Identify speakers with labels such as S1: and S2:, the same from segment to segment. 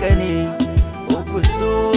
S1: hankali uku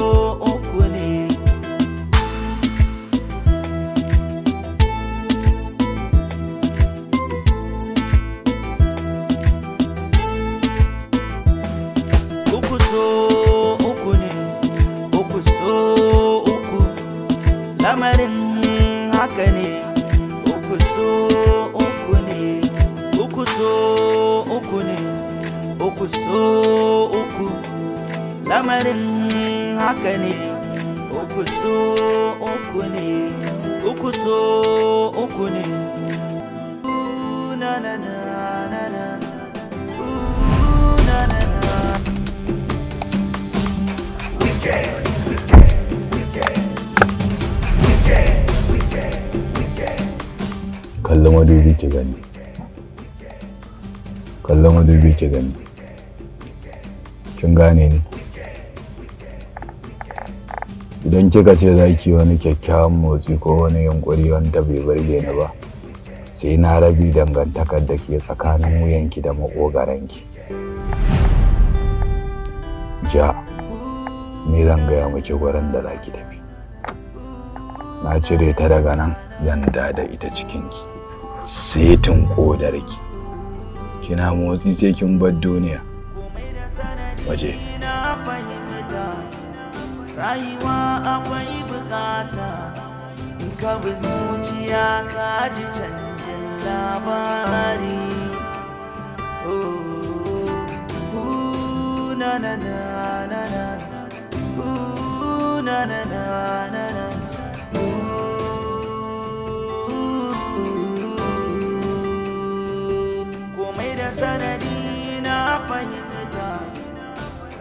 S2: kalla madubi ki gani kin gane ni idan kika ce za ki wani kyakkyawan motsi ko wani yunkuri wanda bai burge ni ba sai na rabi dangantakar da ke tsakanin wuyanki da maƙogaranki ja ni zan gaya miki gurin da za ki tafi na cire ta daga nan zan da ita cikinki setin
S1: ƙodarki
S2: kina motsi sai kin bar duniya
S1: waje rayuwa akwai bukata in ka bi zuciya ka ji canjin labari na na na na na na na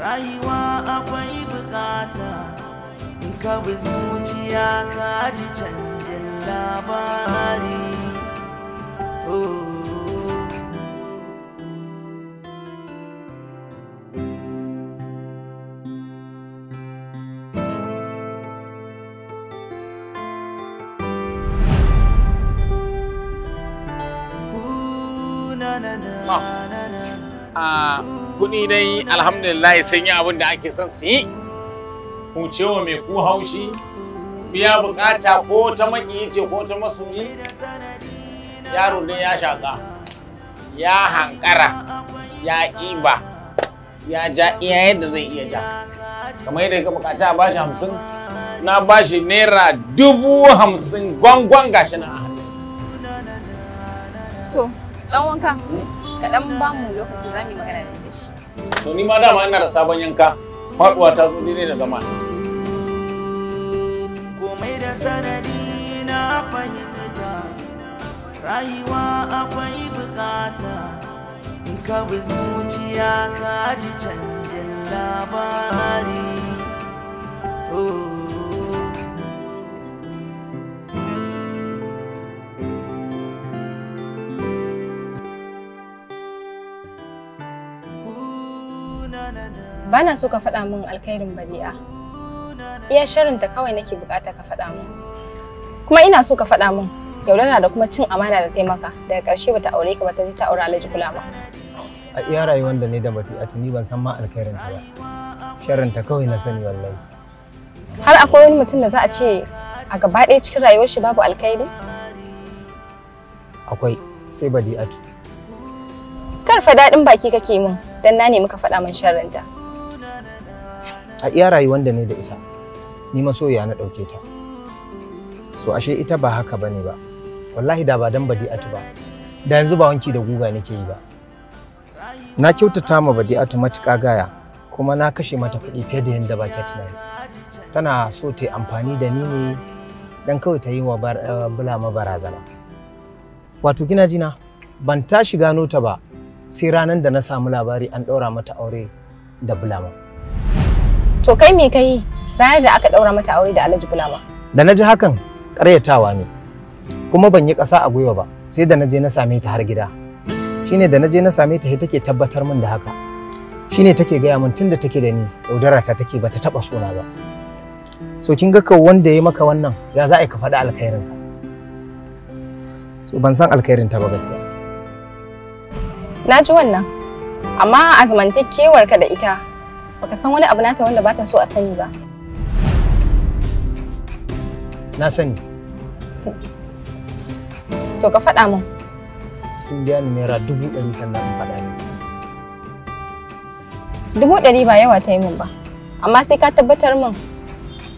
S1: rayuwa akwai bukata in ka bi zuciya ka ji canjin labari oh.
S3: ni dai alhamdulillah sun yi abin da ake son su yi ku cewa mai ku haushi biya bukata ko ta makiyi ce ko ta masoyi yaro ne ya shaka ya hankara ya ƙiba ya ja iya yadda zai iya ja kamar yadda ka bukaci a bashi hamsin na bashi naira dubu hamsin gwangwan gashi na a
S4: to dan wanka kaɗan ba mu lokaci za mu yi magana da
S3: shi To ni ma dama ina da sabon yanka. faɗuwa ta zo daidai da zama.
S1: Komai da sanadi na fahimta. Rayuwa akwai bukata. In ka bi zuciya ka ji canjin labari. Oh.
S4: Ba na so ka faɗa min alkhairin bari'a Iya sharinta kawai nake bukata ka faɗa min. Kuma ina so ka faɗa min yaudana da kuma cin amana da taimaka daga ƙarshe bata aure ka bata ji ta aure Alhaji Kulama.
S5: A iya rayuwar da ne da a tuni ban san ma alkhairin ta ba. Sharinta kawai na sani wallahi.
S4: Har akwai wani mutum da za a ce a gaba ɗaya cikin rayuwar shi babu alkhairi?
S5: Akwai sai badi'atu.
S4: fa daɗin baki kake min don na nemi ka faɗa min ta
S5: a iya rayuwar da ne da ita ni masoya na ɗauke ta so ashe ita ba haka bane ba wallahi da ba dan badi'atu ba da yanzu ba wanki da guga nake yi ba na kyautata ma badi'atu matuƙa gaya kuma na kashe mata kuɗi fiye da yadda ba ke tunani tana so ta yi amfani da ni ne dan kawai ta yi wa eh, bulama barazana wato kina jina ban ta shiga nota ba sai ranar da na samu labari an ɗaura mata aure da bulama
S4: To kai me kai ranar da aka daura mata aure da Alhaji Bulama?
S5: Da na ji hakan ƙaryatawa ne. Kuma ban yi ƙasa a gwiwa ba, sai da na je na same ta har gida. Shine da na je na same ta take tabbatar min da haka. Shine take gaya min tunda take da ni, daudara ta take bata taba suna ba. So kin ga ka wanda ya maka wannan, ya za a yi ka faɗi alkhairinsa. So ban san alkhairin ta ba gaskiya.
S4: Na ji wannan, amma azumantakewar ka da ita Baka san wani abu nata wanda bata so a sani ba. Na sani. To ka faɗa min.
S5: Kin biya ni naira dubu ɗari sannan in faɗa ni.
S4: Dubu ɗari ba yawa ta yi min ba. Amma sai ka tabbatar min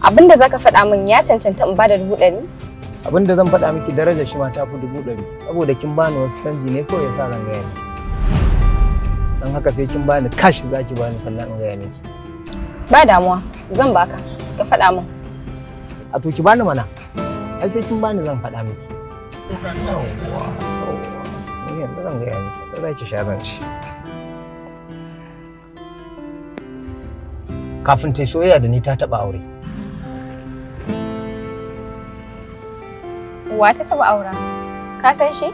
S4: abinda zaka faɗa min ya cancanta in bada dubu ɗari?
S5: Abinda zan faɗa miki darajar shi ma ta fi dubu ɗari. Saboda kin bani wasu canji ne kawai ya sa zan gaya don haka sai kin bani cash za ki bani sannan in gaya miki
S4: ba damuwa zan baka ka faɗa min
S5: a to ki bani mana ai sai kin bani zan faɗa miki zan gaya miki za ki sha kafin ta soyayya da ni ta taɓa aure
S4: wa ta taɓa aura ka san shi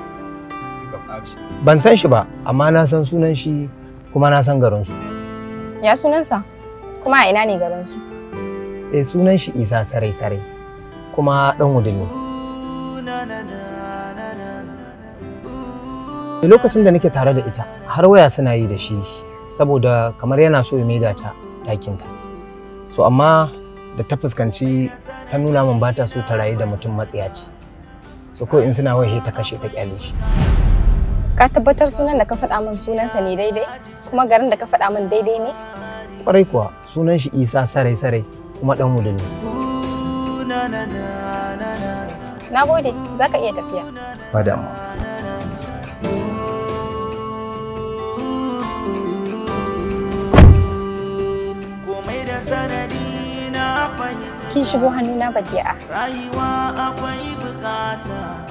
S5: Ban san shi ba, amma na san sunan shi kuma na san garinsu.
S4: Ya sunansa? Kuma a ina ne garinsu?
S5: Eh sunan shi Isa sarai sarai kuma ɗan wudil ne. Eh, lokacin da nake tare da ita har waya suna yi da shi saboda kamar yana so ya maida ta dakinta, So amma da ta fuskanci ta nuna min ba ta so ta rayu da mutum matsiyaci. So ko in suna wai ta kashe ta kyale shi.
S4: Ka tabbatar sunan da ka faɗa min sunansa ne daidai? Kuma garin da ka faɗa min daidai ne?
S5: Kwarai kuwa sunan shi Isa sarai sarai kuma ɗan wudin ne.
S4: Na gode, za ka iya tafiya. Ba damuwa. Kin shigo hannuna badiya.
S1: Rayuwa akwai bukata.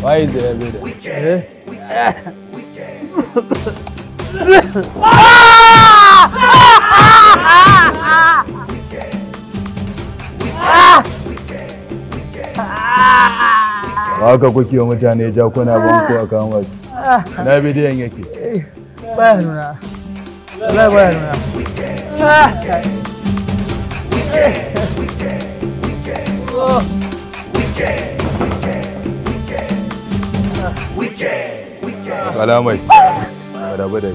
S2: Why is the elevator? We eh?
S1: can. We
S2: Haka kuke wa mutane jakuna ban ko a kan Na bidiyon yake.
S1: Baya nuna. Baya nuna. Eh.
S2: Salam oi. Ada apa dah kita?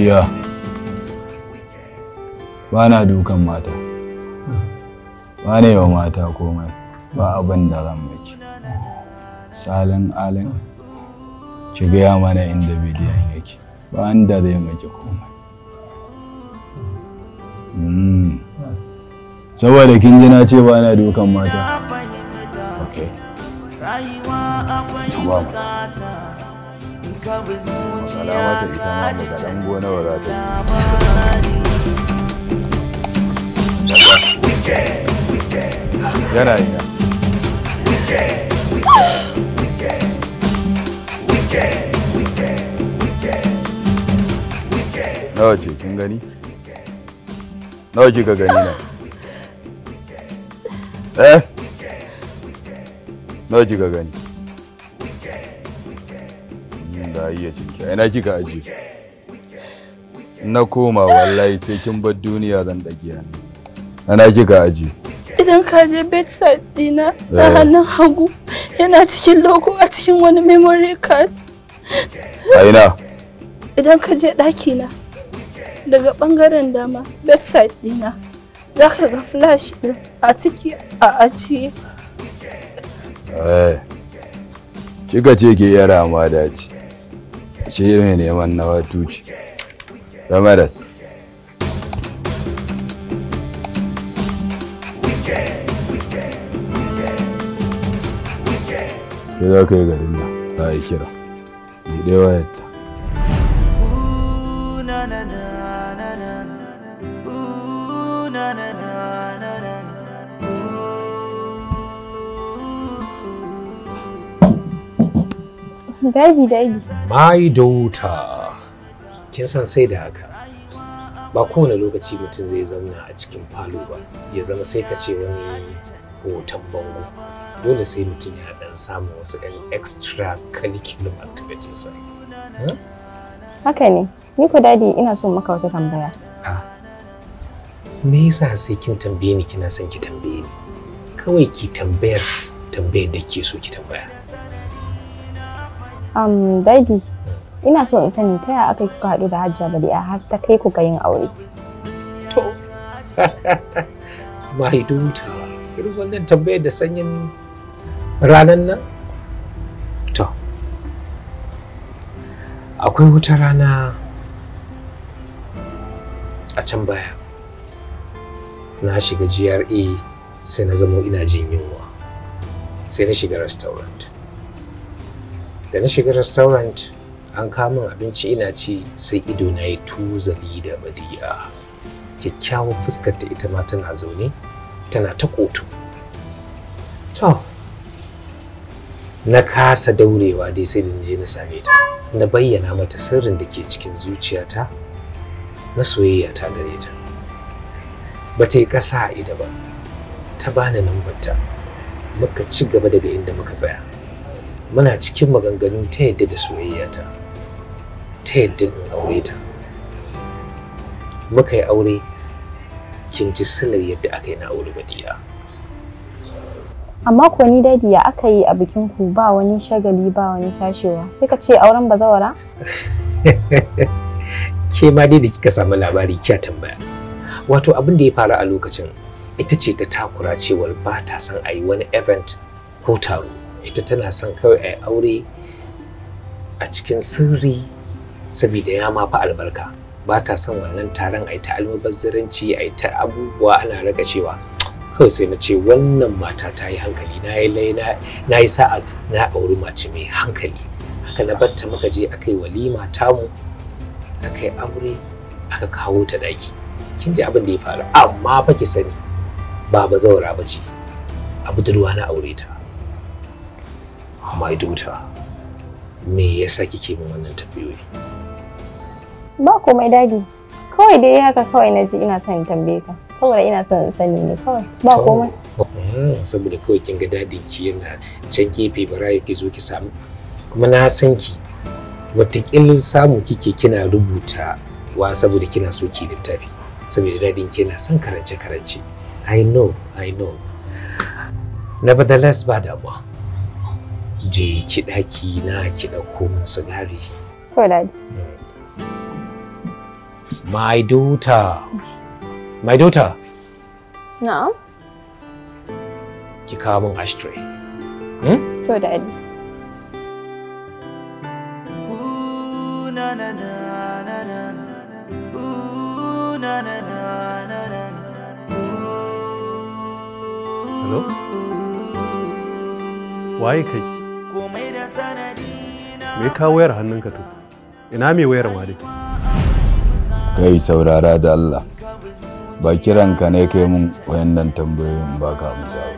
S2: Yeah. ba na dukan mata ba na wa mata komai ba abin da zan maki salin alin ki gaya mana inda bidiyon yake ba inda zai maki komai hmm. saboda kin ji na ce ba na dukan mata ok
S1: Salama ta ita
S2: ma baka dan gona wa za ta na ba yana ina nawa ce kin gani nawa kika gani na eh nawa kika gani da hmm, iya cinki ina kika aje na koma wallahi sai kin bar duniya zan dagiya ne ana kika aji
S1: idan ka je
S6: bedside dina na eh. hannun hagu yana cikin logo a cikin wani memory
S4: card a idan ka je ɗakina daga ɓangaren dama bedside dina za ka ga flash ɗin a ciki a ajiye
S2: eh. kika ce ke yara ma dace shi mai neman na watuci ramadas ke za ka yi garin nan za a yi kira ni dai wayarta
S4: Daji daji.
S7: Mai dauta, Kin san sai da haka. Ba kowane lokaci mutum zai zauna a cikin falo ba, ya zama sai ka ce wani hoton bango. dole sai mutum ya dan samu wasu ɗan extra curriculum activities hmm?
S4: haka ne ni ko dadi ina son maka wata tambaya
S7: ah. me yasa sai kin tambaye ni kina son ki tambaye ni kawai ki tambayar tambayar da ke so ki tambaya
S4: um dadi ina so in sani ta yaya aka kuka haɗu da hajja bari'a har ta kai ku ga yin
S7: aure to mai hutawa irin wannan tambayar da sanyin ranan nan? To, akwai wata rana a can baya. Na shiga GRA sai na zamo ina jin Sai na shiga restaurant. Da na shiga restaurant an min abinci ina ci sai ido na yi tuzali da madiya. Kyakkyawar fuskar ta ita ma tana zaune tana ta kotu. To, na kasa daurewa dai sai da je na same ta na bayyana mata sirrin da ke cikin zuciyata na soyayya ta gare ta ba ta yi ƙasa a ida ba ta bani lambarta muka ci gaba daga inda muka tsaya muna cikin maganganun ta yadda da soyayya ta yadda in aure ta muka yi aure kin ji silar yadda aka yi na aure badiya
S4: amma ko ni dadi ya aka yi a bikin ku ba wani shagali ba wani tashewa sai ka ce auren bazawara
S7: ke ma dai da kika samu labari kiya tambaya wato abin da ya faru a lokacin ita ce ta takura cewar ba ta son a yi wani event ko taro ita tana son kawai a yi aure a cikin sirri saboda ya ma fa albarka ba ta son wannan taron a yi ta almubazzaranci a yi ta abubuwa ana raka cewa kawai sai na ce wannan mata ta yi hankali na yi na yi sa'a na auri mace mai hankali haka na batta muka je aka yi walima tamu aka yi aure aka kawo ta daki kin ji abin da ya faru amma fa ki sani ba ba zaura ba ce a budurwa na aure ta my daughter me yasa kike min wannan tafiyoyi
S4: ba komai dadi kawai dai haka kawai na ji ina son tambaye ka saboda ina son sani ne kawai ba komai
S7: saboda kawai kin ga dadin ki yana can gefe bara yake zo ki samu kuma na san ki Wataƙila samu kike kina rubuta wa saboda kina so ki littafi saboda dadin ki yana son karance karance i know i know nevertheless ba damuwa je ki daki na ki dauko min sigari to dadi my daughter My daughter. No. Ki kawo min ashtray. Hmm?
S1: So dead. Hello?
S2: Why kai? Me ka
S7: wayar hannunka to? Ina me wayar
S2: Kai saurara da Allah. ba kiranka ne kai mun wayannan tambayoyin ba ka amsa ba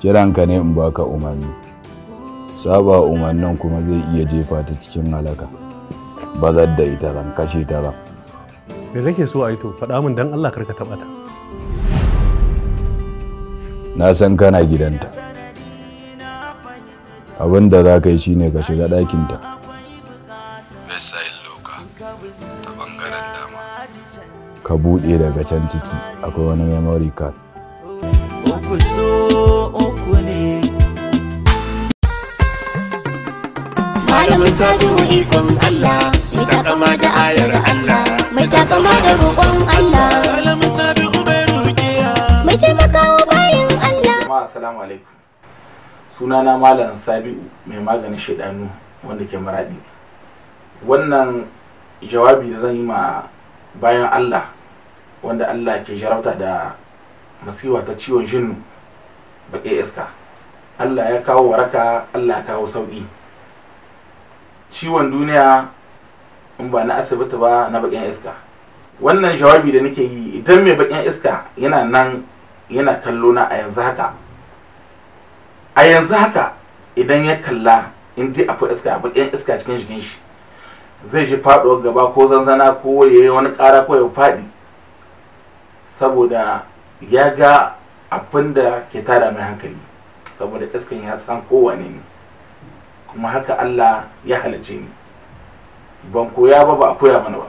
S2: kiranka ne in baka umarni saba umarnin kuma zai iya jefa ta cikin halaka bazar da ita zan kashe ta zan
S7: me kake so a yi to faɗa min dan Allah karka taɓa ta
S2: na san kana gidanta abin da za ka yi shine ka shiga ɗakinta ka buɗe daga can ciki akwai wani memory card
S3: Malamin sadu ikon Allah, mai takama da ayar Allah, mai takama da roƙon Allah. Malamin sadu ubai rukiya, mai taimakawa bayan Allah. Ma assalamu alaikum. Sunana Malam Sabi'u mai maganin shaidanu wanda ke maraɗi. Wannan jawabi da zan yi ma bayan Allah wanda Allah ke jarabta da masiwa ta ciwon jinnu baƙi iska Allah ya kawo waraka Allah ya kawo sauƙi ciwon duniya in ba na asibiti ba na baƙin iska wannan jawabi da nake yi idan mai baƙin iska yana nan yana kallo na a yanzu haka a yanzu haka idan ya kalla in dai akwai iska baƙin iska cikin jikin shi zai ji faɗuwar gaba ko zanzana ko ya yi wani ƙara ko ya faɗi saboda ya ga abin da ke tara mai hankali saboda iskan ya san kowane ne kuma haka Allah ya halice ni ban koya ba ba a koya mana ba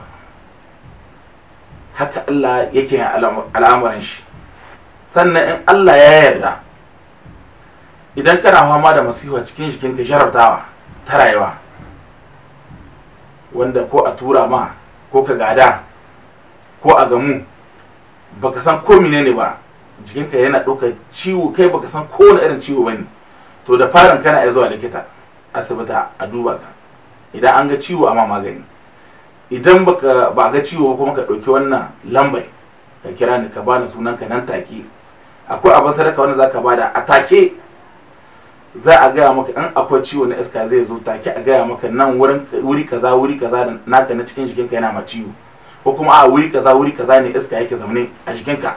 S3: haka Allah yake yin al'amuran shi sannan in Allah ya yarda idan kana fama da masifa cikin jikinka jarabtawa ta rayuwa wanda ko a tura ma ko ka gada ko a gamu baka san ko menene ba jikinka yana ɗaukar ciwo kai baka san kowane irin ciwo bane to da farin kana iya zuwa likita asibita a duba ka idan an ga ciwo amma magani idan baka ba ga ciwo kuma ka ɗauki wannan lambai ka kira ni ka bani sunan ka nan take akwai abin sadaka wanda zaka bada a take za a gaya maka in akwai ciwo na iska zai zo take a gaya maka nan wuri kaza wuri kaza naka na cikin jikinka yana ma ciwo ko kuma a wuri kaza wuri kaza ne iska yake zaune a jikinka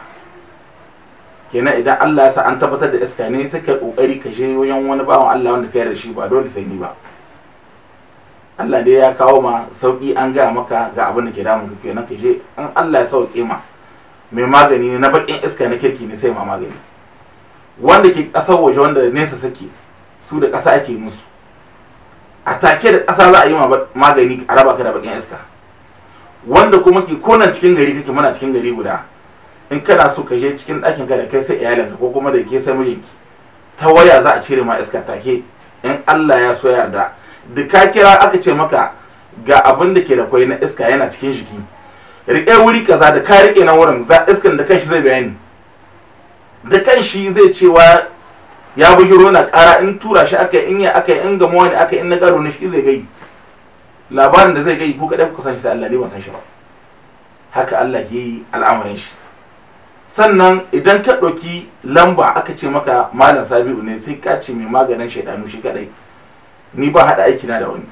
S3: kenan idan Allah ya sa an tabbatar da iska ne sai kai kokari ka je wajen wani bawan Allah wanda ka yarda shi ba dole sai ni ba Allah dai ya kawo ma sauki an gaya maka ga abin da ke damun ka kenan ka je an Allah ya sauke ma mai magani ne na bakin iska na kirki ne sai ma magani wanda ke kasar waje wanda nesa sake su da ƙasa ake musu a take da ƙasa za a yi magani a raba ka da bakin iska wanda kuma ke konan cikin gari kake mana cikin gari guda in kana so ka je cikin ɗakin ka da kai sai iyalinka ko kuma da ke sai mijinki ta waya za a cire ma iska take in Allah ya so yarda da ka kira aka ce maka ga abin da ke da kwai na iska yana cikin jiki rike wuri kaza da ka rike na wurin za iskan da kanshi zai bayani da kanshi zai cewa ya bujiro na kara in tura shi aka in ya aka in gamuwa ne aka in na garo ne shi zai gai labarin da zai gai ku kaɗai kusan san shi sai Allah ne ba san shi ba haka Allah ke yi al'amarin shi sannan idan ka ɗauki lamba aka ce maka malam sabi'u ne sai ka ce mai maganin shaidanu shi kaɗai ni ba haɗa aiki na da wani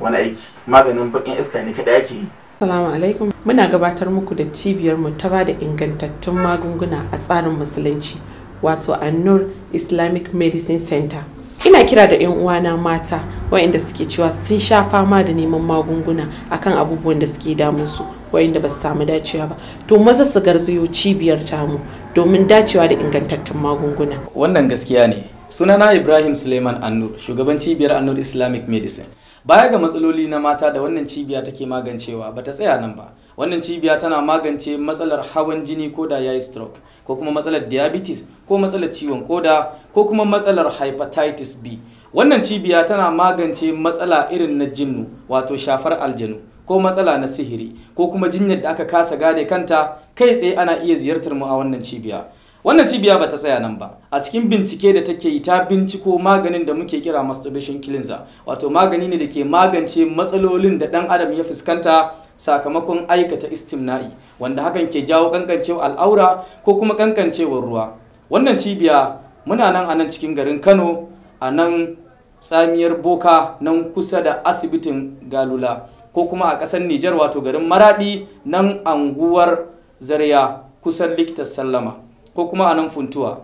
S3: wani aiki maganin baƙin iska ne kaɗai ake yi
S6: Assalamu alaikum muna gabatar muku da cibiyar mu ta bada ingantattun magunguna a tsarin musulunci wato annur Islamic Medicine Center ina kira da 'yan uwana mata waɗanda suke cewa sun sha fama da neman magunguna akan abubuwan da suke damunsu waɗanda ba su samu dacewa ba to maza su garzayo cibiyar tamu domin dacewa da ingantattun magunguna
S8: wannan gaskiya ne sunana ibrahim suleiman annur shugaban cibiyar annur islamic medicine baya ga matsaloli na mata da wannan cibiya take magancewa bata tsaya nan ba wannan cibiya tana magance matsalar hawan jini ko da yayi stroke ko kuma matsalar diabetes ko matsalar ciwon koda ko kuma matsalar hepatitis B wannan cibiya tana magance matsala irin na jinnu wato shafar aljanu ko matsala na sihiri ko kuma jinyar da aka kasa gane kanta kai tsaye ana iya ziyartar mu a wannan cibiya wannan cibiya ba ta tsaya nan ba a cikin bincike da take yi ta binciko maganin da muke kira masturbation cleanser wato magani ne da ke magance matsalolin da dan adam ya fuskanta sakamakon aikata istimna'i wanda hakan ke jawo kankancewa al'aura ko kuma kankancewar ruwa wannan cibiya muna nan anan cikin garin kano a nan tsamiyar boka nan kusa da asibitin galula ko kuma a ƙasar nijar wato garin maradi nan anguwar zarya kusan likitar sallama ko kuma a nan funtuwa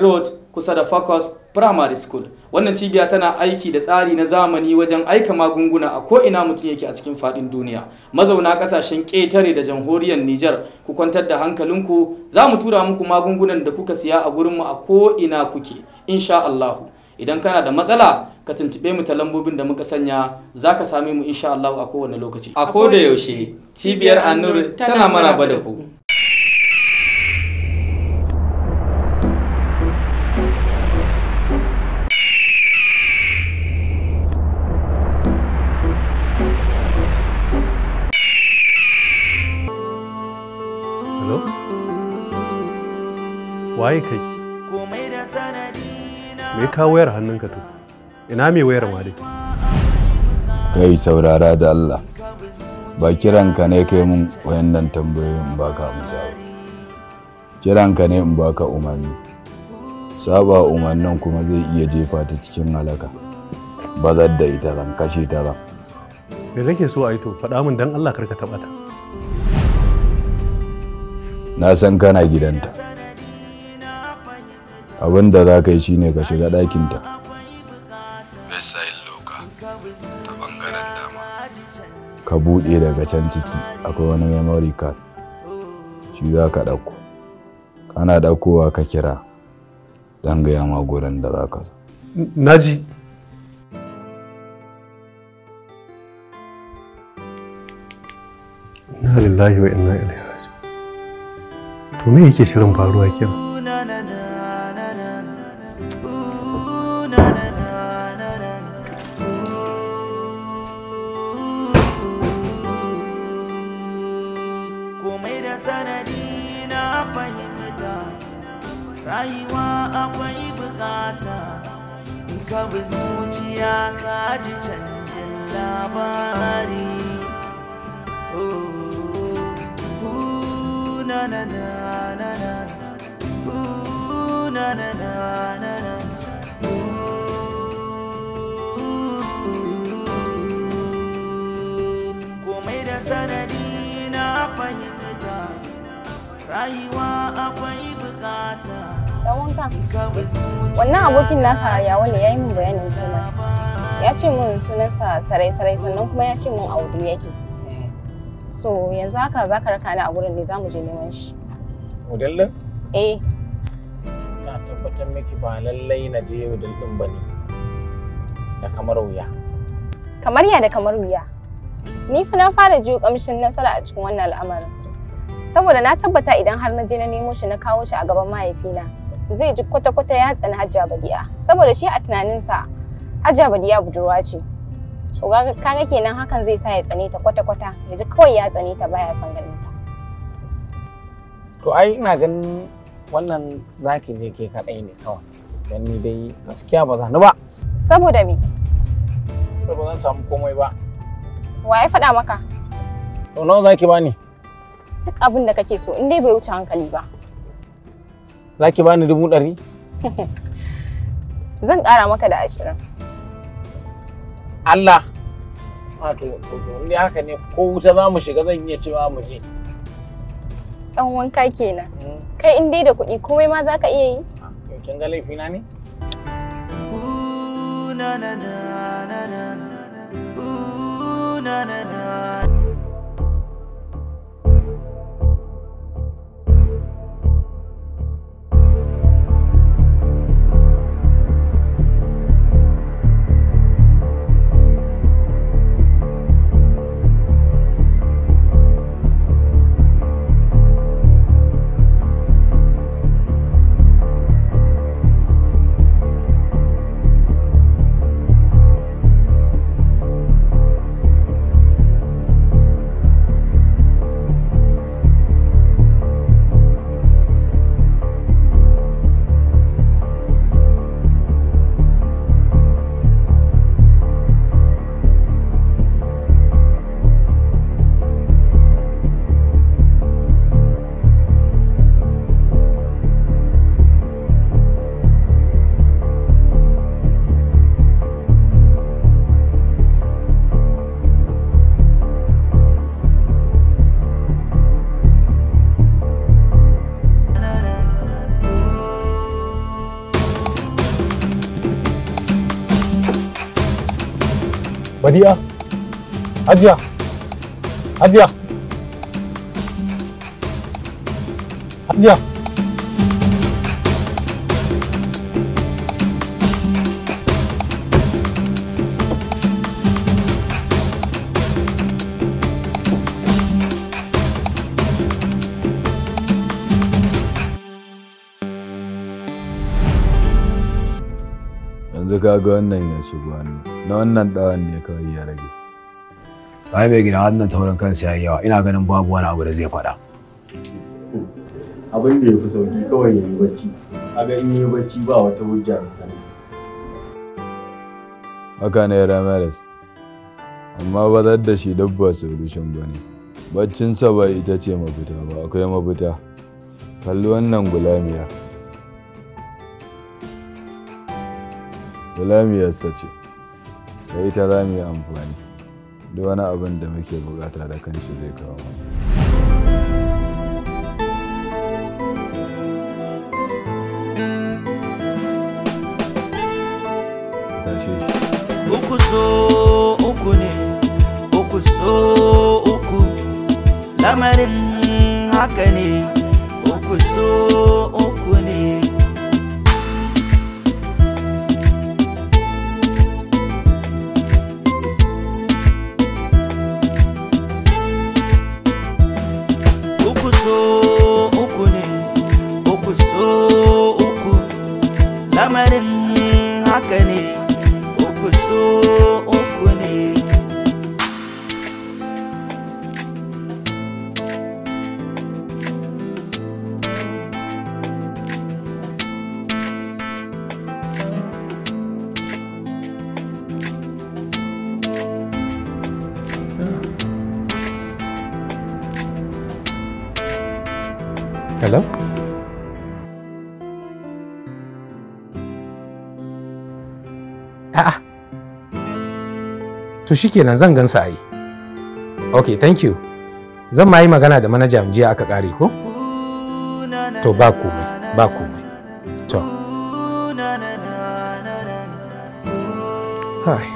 S8: road kusa da Focus Primary School. Wannan cibiya tana aiki da tsari na zamani wajen aika magunguna a ko'ina mutum yake a cikin faɗin duniya. Mazauna kasashen ƙetare da jamhuriyar Nijar, ku kwantar da hankalinku, za mu tura muku magungunan da kuka siya a gurinmu a ko'ina kuke, insha Allahu. Idan kana da matsala, ka tuntuɓe mu ta lambobin da muka sanya za ka same mu insha Allahu a kowane lokaci. A ko da yaushe, cibiyar Annur tana maraba da ku.
S3: waye kai
S2: me ka wayar
S7: hannunka to ina me wayar ma dai
S2: kai saurara da Allah ba kiranka ne kai mun wayannan tambayoyin ba ka amsa ba kiranka ne in baka umarni saba umarnin kuma zai iya jefa ta cikin halaka bazar da ita zan kashe ta zan
S7: me kake so ai to faɗa min dan Allah karka taɓa ta
S2: na san kana gidanta abin da za ka yi shine ka shiga ɗakinta
S1: bedside loka
S2: ta bangaren dama ka buɗe daga can ciki akwai wani memory card shi za ka ɗauko kana ɗaukowa ka kira don gaya ma gurin da za ka zo naji na lillahi wa inna ilaihi raji'un to me yake shirin faruwa kenan
S1: Wannan abokin naka ya wani ya
S4: yi min bayanin komai. Ya ce min sunansa sarai sarai sannan kuma ya ce min a wudu yake. So yanzu haka za ka raka ni a gurin ne za mu je neman shi. Wudallin? Eh.
S3: Na tabbatar miki ba lallai na je wudul ba ne. Da kamar wuya.
S4: Kamar ya da kamar wuya. Ni fa na fara jiyo kamshin nasara a cikin wannan al'amarin. Saboda na tabbata idan har na je na nemo shi na kawo shi a gaban mahaifina. zai ji kwata-kwata ya tsani hajja badiya saboda shi a tunaninsa hajja badiya budurwa ce so kaga kenan hakan zai sa ya tsane ta kwata-kwata ya ji kawai ya tsane ta baya son ganin ta
S3: to ai ina ganin wannan zaki je ke kadai ne kawai dan ni dai gaskiya ba ni ba saboda me to ba zan samu komai ba
S4: wa ya faɗa maka
S3: to nawa zaki bani
S4: duk abin da kake so in dai bai wuce hankali ba
S3: zaki bani dubu ɗari?
S4: Zan ƙara maka da ashirin.
S3: Allah! Wato, ne haka ne ko wuta za mu shiga zan iya cewa mu je.
S4: Ɗan wanka kenan. Hmm. Kai in dai da kuɗi komai ma za ka iya yi? Ah,
S3: kin
S1: ga laifina ne? na na na na na na na na
S7: Badi'a, Hajiya, Hajiya, Hajiya.
S2: Yanzu ka ga wannan ya shigo hannu. na wannan ɗawan ne kawai ya rage ai mai gida wannan taurin kansa yayi yawa ina ganin babu wani abu da zai faɗa abin da ya fi sauki kawai ya yi bacci a ga in yi bacci
S3: ba wata hujja
S2: haka ne ramirez amma ba da shi dabba solution ba ne baccinsa ba ita ce mafita ba akwai mafita kalli wannan gulamiya gulamiyarsa ce da ita za mu yi amfani duk wani abin da muke bukata da kanshi zai kawo mu.
S1: uku ne uku uku lamarin haka ne uku so
S7: Hello? A'a. To shikenan zan gansa ai. Okay, thank you. Zan ma yi magana da manaja jiya
S2: aka kare ko? To ba komai, ba komai. To.
S1: Hai.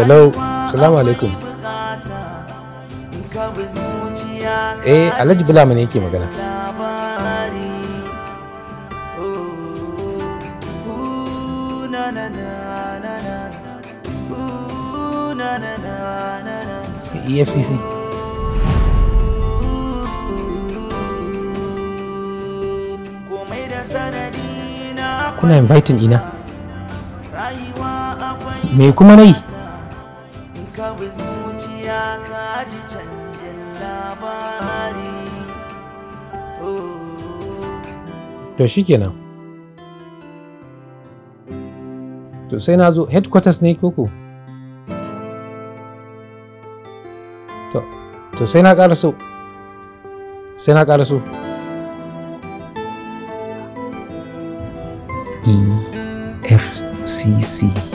S1: hello salamu alaikum eh alhaji
S7: bulama ne yake magana efcc kuna inviting ina me kuma nayi? to shi shikenan to sai na zo headquarters ne koko to sai na ƙara so sai na ƙara so efcc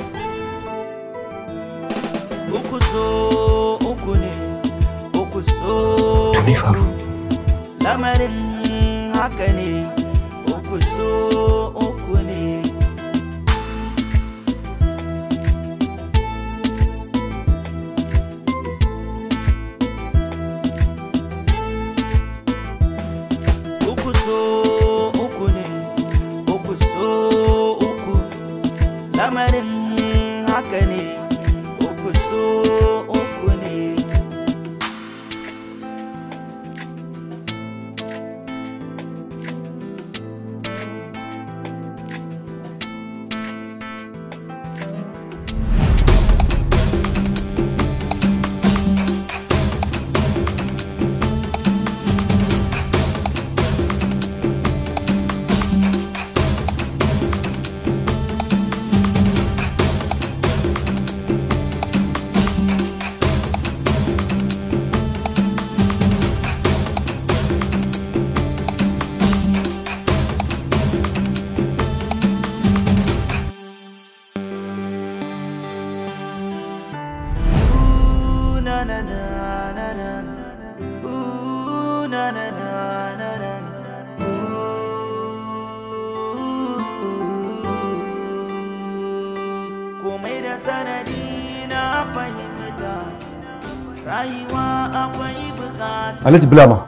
S6: Alhaji Bulama.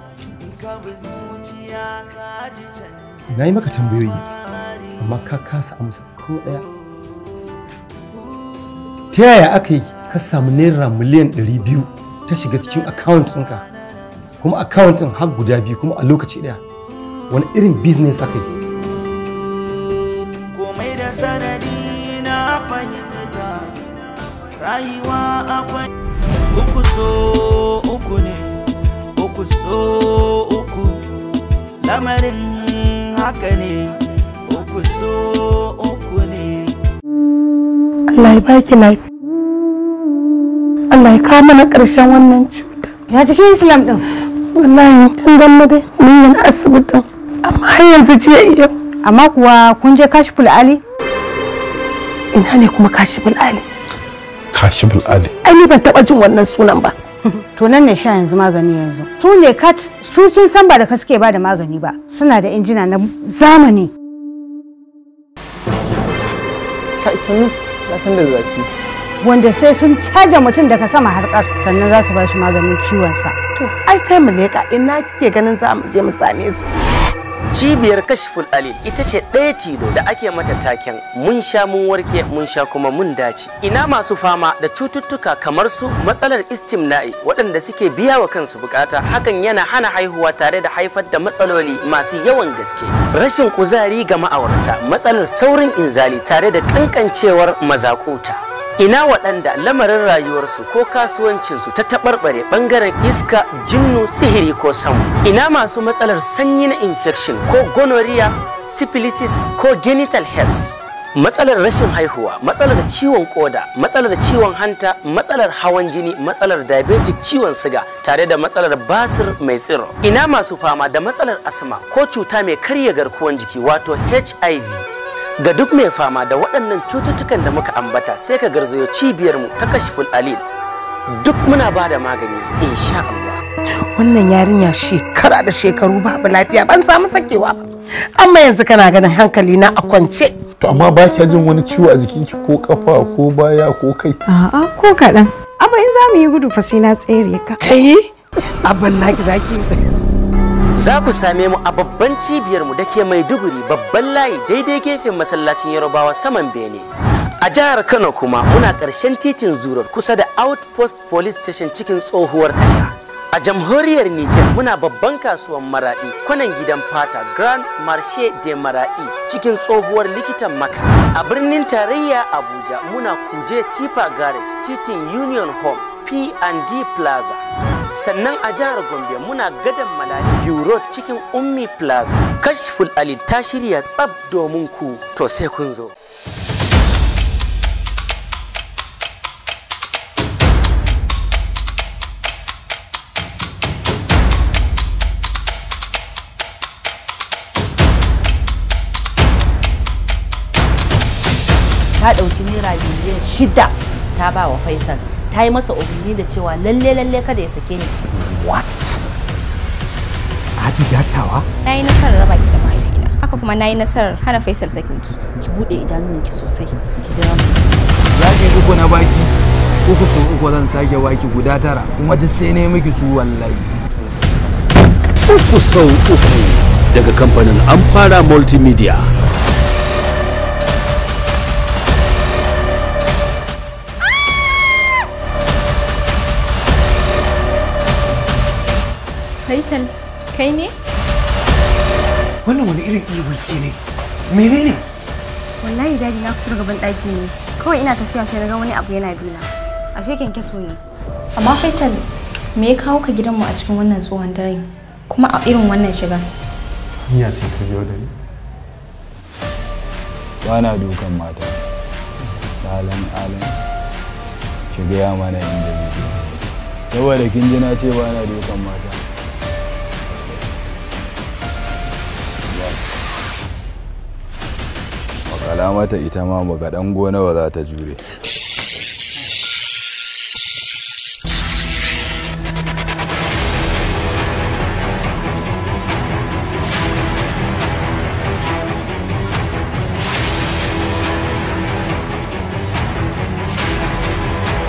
S6: Na yi maka tambayoyi,
S5: amma ka kasa amsa ko ɗaya. Ta yaya aka yi ka samu naira miliyan ɗari biyu ta shiga cikin akawunt ɗinka, kuma akawunt ɗin har guda biyu kuma a lokaci ɗaya. Wani irin
S7: business aka yi?
S1: Komai da sanadi na fahimta, rayuwa akwai uku so uku lamarin haka ne uku so uku ne
S6: Allah ya baki lafi Allah ya kawo mana ƙarshen wannan cuta ya jikin islam din wallahi tun dan mu dai mun yi asibitin amma har yanzu jiya iya amma kuwa kun je kashiful ali ina ne kuma kashiful ali
S3: kashiful ali
S6: ai ni ban taba jin wannan sunan ba to nan ne sha yanzu magani yanzu su ne kat su kin san ba da ka suke ba da magani ba suna da injina na zamani san wanda sai sun caja mutum daga sama harkar sannan za su ba shi maganin ciwon sa to ai sai mu leka ina kike ganin za mu je mu same su cibiyar kashiful alil ita ce ɗaya tilo da ake mata taken mun sha mun warke mun sha kuma mun dace ina masu fama da cututtuka kamar su matsalar istimna'i waɗanda suke biya wa kansu bukata hakan yana hana haihuwa tare da haifar da matsaloli masu yawan gaske rashin kuzari ga ma'aurata matsalar saurin inzali tare da kankancewar mazakuta ina waɗanda lamarin rayuwarsu ko kasuwancinsu ta taɓarɓare ɓangaren iska jinnu sihiri ko samu ina masu matsalar sanyi na infection ko gonorrhea syphilis ko genital herpes matsalar rashin haihuwa matsalar ciwon koda matsalar ciwon hanta matsalar hawan jini matsalar diabetic ciwon siga tare da matsalar basir mai tsiro ina masu fama da matsalar asma ko cuta mai karya garkuwan jiki wato hiv Ga duk mai fama da waɗannan cututtukan da muka ambata sai ka garzayo cibiyarmu ta kashiful alil. Duk muna ba da magani insha Allah. Wannan yarinya shekara da shekaru babu lafiya ban samu sakewa ba. Amma yanzu kana ganin hankali na a kwance.
S3: To amma ba kya jin wani ciwo a jikinki ko kafa ko baya ko kai?
S6: A'a ko kaɗan. Amma in za mu yi gudu fa sai na tsere ka. Kai? Abin naki zaki yi Za ku same mu a babban mu da ke Maiduguri babban layi daidai gefen masallacin Yarubawa saman Bene. A jihar Kano kuma muna ƙarshen titin Zurar kusa da Outpost Police Station cikin tsohuwar tasha. A jamhuriyar Nijar muna babban kasuwan Maraɗi kwanan gidan fata Grand Marché de Maraɗi cikin tsohuwar likitan maka. A birnin tarayya Abuja muna kuje Tipa Garage titin Union Home P&D Plaza. sannan a jihar gombe muna gadan malali Road cikin ummi plaza kashful ali ta shirya tsab domin ku to sai kun zo ta ɗauki naira miliyan shida ta ba wa faisal ta yi masa umarni da cewa lalle lalle kada ya sake
S7: ni what abi datawa
S4: na yi nasarar raba ki da mahaifina haka kuma na yi nasarar hana faisal sakin ki ki bude idanunki sosai ki jira mu
S8: za ki uku na baki uku su uku zan sake waki guda tara kuma duk sai ne miki su wallahi
S2: uku sau uku daga kamfanin
S3: amfara multimedia
S4: Faisal, kai ne?
S7: Wannan wani irin ihu ke ne? Menene?
S4: Wallahi daji na fito gaban ɗaki ne. Kawai ina tafiya sai na ga wani abu yana bina. Ashe kyankyaso ne. Amma Faisal, me ya kawo ka gidanmu a cikin wannan tsohon dare? Kuma a irin wannan shiga?
S2: Niyya ce ta biyo da ni. Bana dukan mata. Salan Alan. Ki gaya mana inda ne. Saboda kin ji na ce bana dukan mata. alamata ita ma muga gona ba za ta jure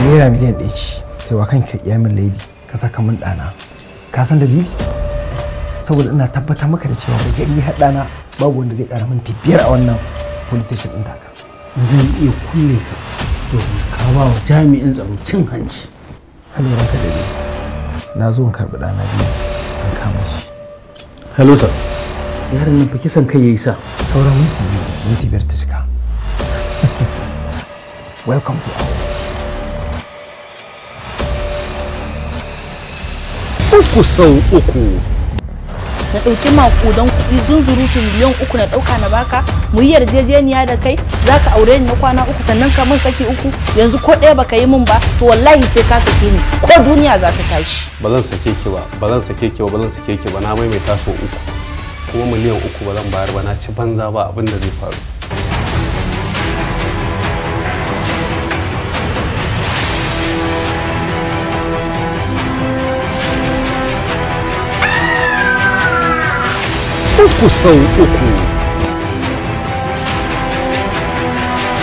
S5: naira miliyan ɗaya ce kai wa kanka iyamin lady ka saka min ɗana ka san dalili saboda ina tabbatar maka da cewa da gari haɗana babu wanda zai ƙara minti biyar a wannan police station ɗin taka zan iya kulle ka
S6: to ka ba wa jami'in tsaro cin hanci
S5: halin ranka da ni na zo in karɓi ɗana biyu an kama shi hello sir yaron nan fa kisan kai yayi sa sauran minti biyu minti biyar ta cika welcome to our
S7: uku sau uku
S6: na ɗauki maƙudan kuɗi zunzurutun miliyan uku na dauka na baka mu yi yarjejeniya da kai za ka aure ni na kwana uku sannan ka min saki uku yanzu ko ɗaya baka yi min ba to wallahi sai ka saki ni ko duniya za ta tashi.
S8: ba zan sake ki ba ba zan sake ki ba ba zan sake ki ba na maimaita sau uku kuma miliyan uku ba zan
S7: bayar ba na ci banza ba abin da zai faru. poucos são